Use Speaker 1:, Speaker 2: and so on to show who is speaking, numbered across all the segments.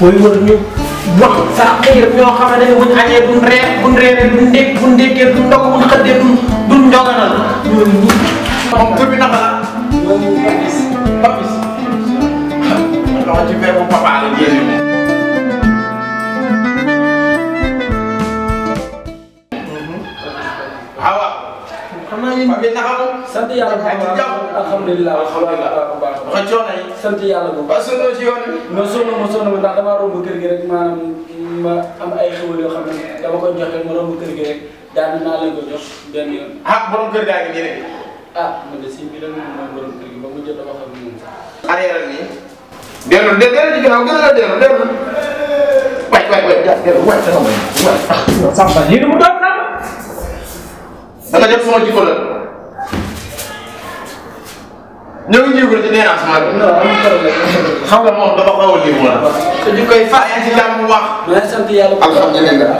Speaker 1: mooy wër ñu wax sax xëy na ñoo xamante ne buñ añee duñ reer buñ reeree duñ ndékk buñ ndékkee duñ ndog buñ xëddee duñ duñ ndoganal ñooñu ñu. moom tur bi naka la. ñooñu Papis Papis. loxo ci verbe papa la génn. waaw. xam naa yéen bi naka la. sant yàlla bu baax alhamdulilah alhamdulilah bu baax. dafa coono yi. sant yàlla bu baax. waaw sonn ci yoon bi. non sonn ma sonn ma ndax damaa romb kër gi rek maanaam ma am ay xewal yoo xam ne dama koy jox rek ma romb kër gi rek daal naa leen ko jox benn yoon. ah borom kër gaa ngi nii rek. ah man de sëñ bi lan mooy borom kër gi ba mu jot dama xam ne moom sax. arrière nii. dellu de dellu ci ginnaaw gën a dellu dellu. waay waay waay ja dellu waay sama waay waay. ah yow Samba lii mu doon naan. da nga jot sama jikko la. ñoo ngi jéego ci dérangement bi. xam nga moom dafa xaw a lii mu te ñu koy faral ci jàmm bu baax. maa sant yàlla. alhamdulilah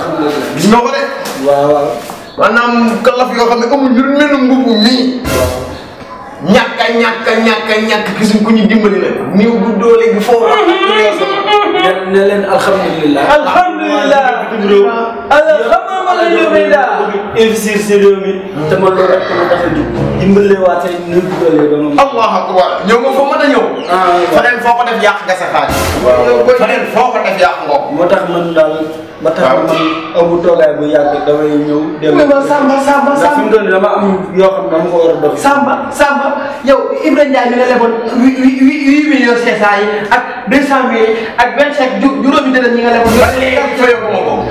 Speaker 1: gis nga ko de. waaw waaw. maanaam kalaf yoo xam ne amul lu mel ni mbubu mii. waaw. ñàkk a ñàkk a ñàkk a ñàkk gisuñ ku ñu dimbali la. néew bu doole gi foofu. ne leen alhamdulilah. alhamdulilah. bitim réew. alors xam
Speaker 2: nga ma la yóbbee
Speaker 1: daa. investir si réew mi. te man loolu rek ma tax a jóg. dimbalee waa tey ñëw dugalee ba mu. allah akbar ñëw nga foo mën a ñëw. faneen foo ko def yàq nga sa xaaj. waaw faneen foo ko def yàq nga moo tax man daal. ba tax man amu toogaay bu yàgg damay ñëw. dem ba Samba Samba Samba fi mu toll dama am yoo xam ne dama ko war a dox. Samba Samba yow Ibrahima Ndiaye mi la leboon huit huit huit millions cinq cent yi ak deux cent mille ak vingt cinq juróomi dërëm ñi nga leboon. ba léegi fayoo ko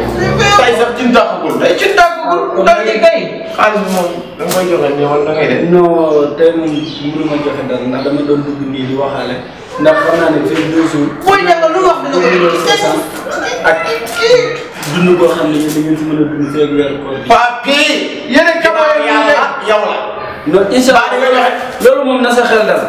Speaker 1: tey sax ci dàqagul. tey ci dàqagul dal ci kay. xaalis bi moom da nga koy joxe nii wala da ngay def. non tey moom mënuma joxe dara ndax dama doon dugg nii di waxaale ndax xam naa ne fii deux jours. booy ñàkk lu wax dëgg ak dund boo xam ne ñu dañu mën a dund feeg weer koor bi. waa kii yéen a kabaar yi yow la non incha allah loolu moom na sa xel dal.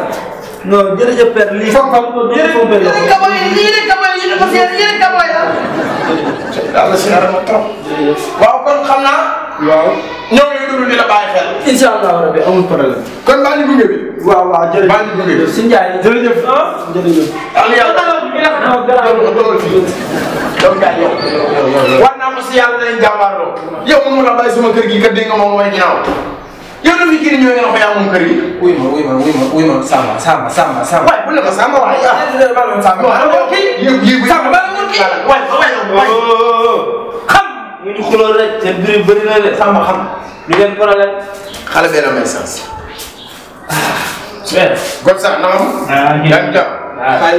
Speaker 1: non jërëjëf père lii. foofu foofu yéen a kabaar yi yéen a kabaar yi yéen a kabaar yi yàlla si dara ma trop. waaw kon xam naa. waaw ñoo ngi dund di la bàyyi xel. incha allah rabi amul problème. kon maa ngi gunge bi. waaw waaw jërëjëf maa ngi gunge bi. si Ndiaye jërëjëf. jërëjëf. yàlla yàlla. donc gars yow. war naa ma si yàlla leen jàmbaarloo. yow mun nga bàyyi sama kër gi kat dégg nga moom mooy ginnaaw. yow na fi kii ñëwee nga ko yaa moom kër yi. wuy ma wuy ma wuy ma wuy ma Samba Samba Samba Samba. waay bu la ma Samba waay. ah Samba Samba. waaw kii yëpp yëpp. Samba xulóo rek seen biir bëri na de sàmm xam lu ngeen problème. xale bee la may sens. ah. bien. Godsa na ma. ah ñu ngi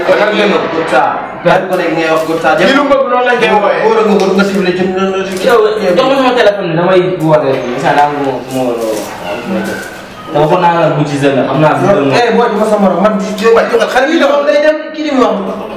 Speaker 1: ko xaaral ko nekk ngay wax Godsa. li lu bëgg noonu lañ koy wooyee. wóor nga wóor nga si biir jëm noonu la si. yow jox ma sama téléphone bi damay woote incha allah mu mu dama ko naan la bu ci sën la xam naa. loolu eh boo ma sa morom man. xale bi dafa lay dem kii di mu wax.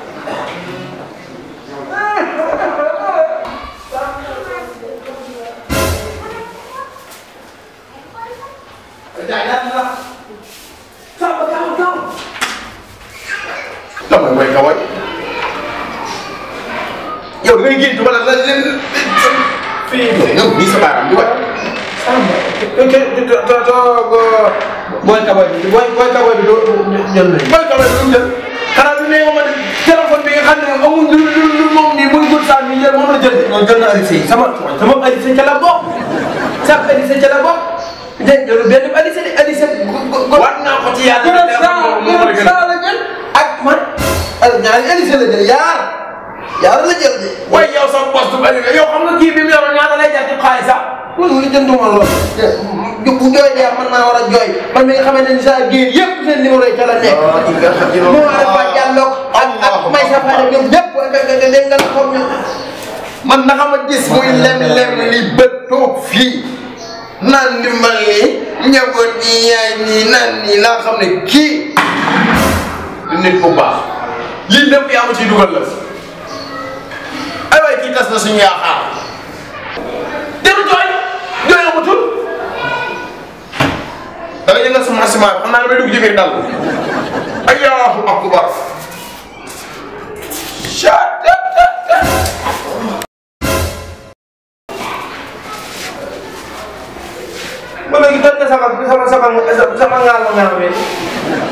Speaker 1: Dai, datela. Come, come, come. damay may kaway yow da ngay gént wala la leen fii yow nii sa baaraam di waay. booy kaway bi booy booy kaway bi doo jël nañ. booy kaway bi du jël xanaa du ne ma ne téléphone bi nga xam ne amul lu lu lu moom nii muy góor saa bi jël moom la jël. non jël na Aliou Seye sama sama Aliou Seye ca la bokk sa Aliou Seye ca la bokk. dégg nga lu benn Aliou Seye Aliou Seye. war naa ko ci yàlla def la jël ak man. Aliou ñaari Aliou Seye la jël yaar yaar la jël de. waaye yow sa poste bu Aliou yow xam nga kii bi mu yoroon ñaata lay jar ci xaalis sax. loolu mooy jënduma lool. bu jooy de man naa war a jooy man mi nga xamante ni saa géej yëpp seen numéro yi ca la nekk. waaw kii gàncax gi noonu ak ak may sa fànn ñoom ñëpp léegi nga la xool ñoom. man naka ma gis muy lem lem li bët toog fii naan ndimbal lii njaboot yi yaay nii naan nii naa xam ne kii nit bu baax lii lépp yaa ma ciy dugal la ay waay kii tas na suñu yaakaar deru jooy jooy amatul da nga yëngal sama ciment bi xam naa damay dugg ci dal sama sama sama sama ngaalu-ngaalu ini